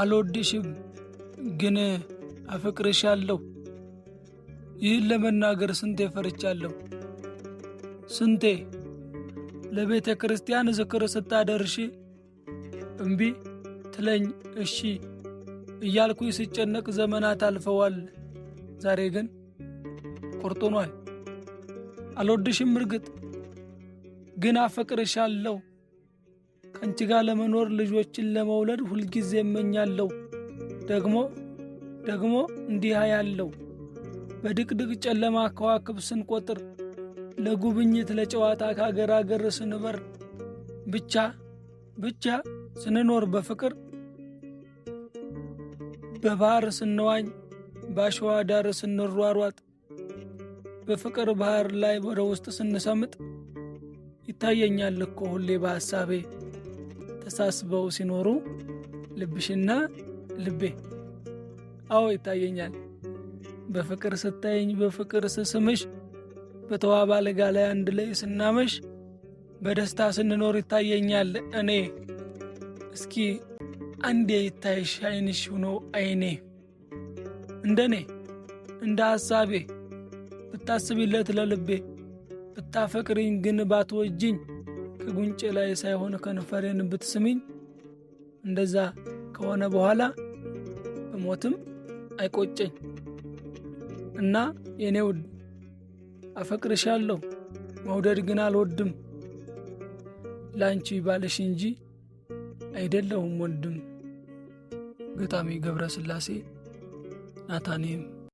አልወድሽም ግን አለው ይህን ለመናገር ስንቴ ፈርቻለሁ። ስንቴ ለቤተ ክርስቲያን ዝክር ስታደርሺ እምቢ ትለኝ እሺ እያልኩኝ ስጨነቅ ዘመናት አልፈዋል። ዛሬ ግን ቁርጥ አልወድሽም እርግጥ ግን አፈቅርሻለሁ። ከአንቺ ጋር ለመኖር ልጆችን ለመውለድ ሁልጊዜ እመኛለሁ። ደግሞ ደግሞ እንዲህ ያለው በድቅድቅ ጨለማ ከዋክብ ስንቆጥር ለጉብኝት ለጨዋታ ከአገር አገር ስንበር ብቻ ብቻ ስንኖር በፍቅር በባህር ስንዋኝ በአሸዋ ዳር ስንሯሯጥ በፍቅር ባህር ላይ ወደ ውስጥ ስንሰምጥ ይታየኛል እኮ ሁሌ በሐሳቤ ተሳስበው ሲኖሩ ልብሽና ልቤ አዎ ይታየኛል። በፍቅር ስታየኝ፣ በፍቅር ስስምሽ፣ በተዋበ አልጋ ላይ አንድ ላይ ስናመሽ፣ በደስታ ስንኖር ይታየኛል እኔ። እስኪ አንዴ ይታይሽ አይንሽ ሆኖ አይኔ እንደኔ እንደ ሐሳቤ ብታስቢለት ለልቤ ብታፈቅሪኝ ግን ባትወጅኝ ከጉንጭ ላይ ሳይሆን ከንፈሬን ብትስሚኝ፣ እንደዛ ከሆነ በኋላ ሞትም አይቆጨኝ እና የኔ ውድ አፈቅርሻለሁ፣ መውደድ ግን አልወድም፣ ላንቺ ባልሽ እንጂ አይደለሁም ወንድም። ገጣሚ ገብረ ስላሴ ናታኔም